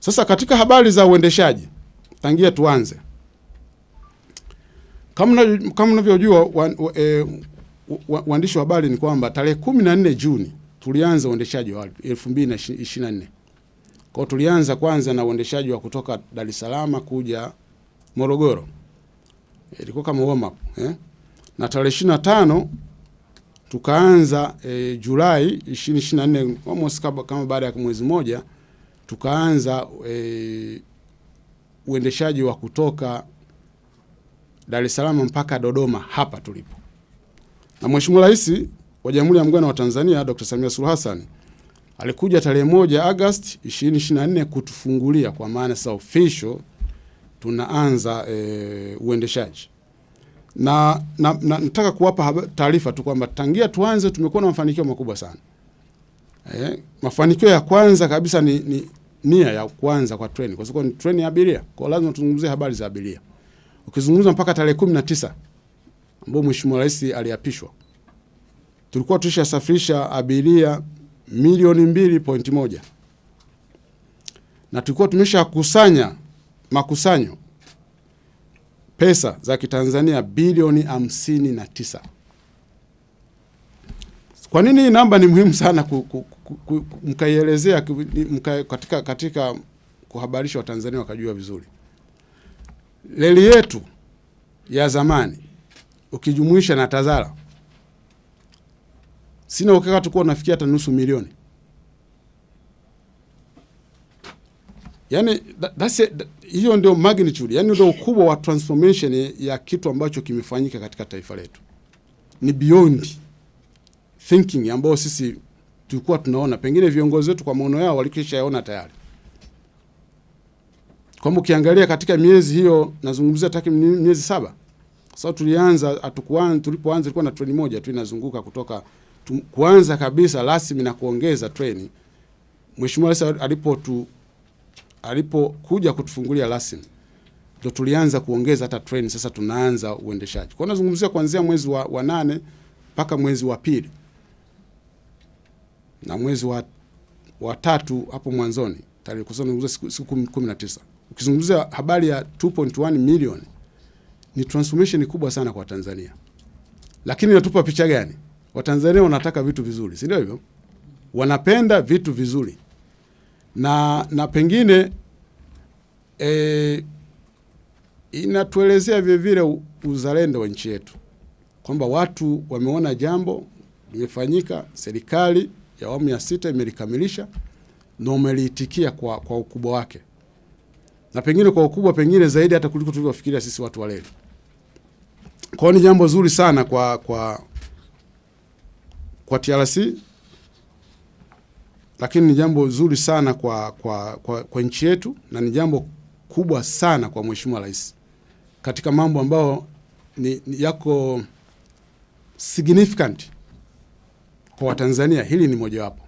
Sasa katika habari za uendeshaji, tangia tuanze, kama unavyojua e, waandishi wa habari e, wa, ni kwamba tarehe kumi na nne Juni tulianza uendeshaji wa elfu Kwa tulianza kwanza na uendeshaji wa kutoka Dar es Salaam kuja Morogoro, e, ilikuwa e, kama warm up eh? na tarehe 25 tukaanza e, Julai 2024 almost kama baada ya mwezi mmoja tukaanza e, uendeshaji wa kutoka Dar es Salaam mpaka Dodoma hapa tulipo, na Mheshimiwa Rais wa Jamhuri ya Muungano wa Tanzania Dr. Samia Suluhu Hassan alikuja tarehe moja Agosti 2024 kutufungulia kwa maana sasa official tunaanza e, uendeshaji na, na, na nataka kuwapa taarifa tu kwamba tangia tuanze tumekuwa na mafanikio makubwa sana. Eh, mafanikio ya kwanza kabisa ni, ni nia ya kwanza kwa treni, kwa sababu ni treni ya abiria, kwa lazima tuzungumzie habari za abiria. Ukizungumza mpaka tarehe kumi na tisa ambapo mheshimiwa rais aliapishwa, tulikuwa tulishasafirisha abiria milioni mbili pointi moja na tulikuwa tumeshakusanya makusanyo pesa za kitanzania bilioni hamsini na tisa. Kwa nini hii namba ni muhimu sana mkaielezea mka, katika, katika kuhabarisha Watanzania wakajua vizuri? Reli yetu ya zamani ukijumuisha na Tazara, sina uhakika tukuwa unafikia hata nusu milioni. Yani hiyo ndio magnitude, yani ndio ukubwa wa transformation ya kitu ambacho kimefanyika katika taifa letu, ni beyond thinking ambao sisi tulikuwa tunaona, pengine viongozi wetu kwa maono yao walikishaona tayari, kwamba ukiangalia katika miezi hiyo, nazungumzia takriban miezi saba. Sasa tulianza atukuanza, tulipoanza ilikuwa na treni moja tu inazunguka kutoka tu, kuanza kabisa rasmi na kuongeza treni. Mheshimiwa Rais alipo tu alipokuja kutufungulia rasmi ndo tulianza kuongeza hata treni. Sasa tunaanza uendeshaji kwa, nazungumzia kuanzia mwezi wa, wa nane mpaka mwezi wa pili na mwezi wa, wa tatu hapo mwanzoni tarehe kuzungumza siku, siku kumi na tisa. Ukizungumzia habari ya 2.1 million ni transformation kubwa sana kwa Tanzania, lakini inatupa picha gani? Watanzania wanataka vitu vizuri, si ndio hivyo? Wanapenda vitu vizuri na, na pengine e, inatuelezea vilevile uzalendo wa nchi yetu kwamba watu wameona jambo limefanyika, serikali ya awamu ya sita imelikamilisha na umeliitikia kwa, kwa ukubwa wake na pengine kwa ukubwa pengine zaidi hata kuliko tulivyofikiria sisi watu wa reli. Kwa ni jambo zuri sana kwa kwa kwa TRC, lakini ni jambo zuri sana kwa kwa kwa, kwa nchi yetu na ni jambo kubwa sana kwa Mheshimiwa Rais katika mambo ambayo ni, ni yako significant kwa Watanzania hili ni mojawapo.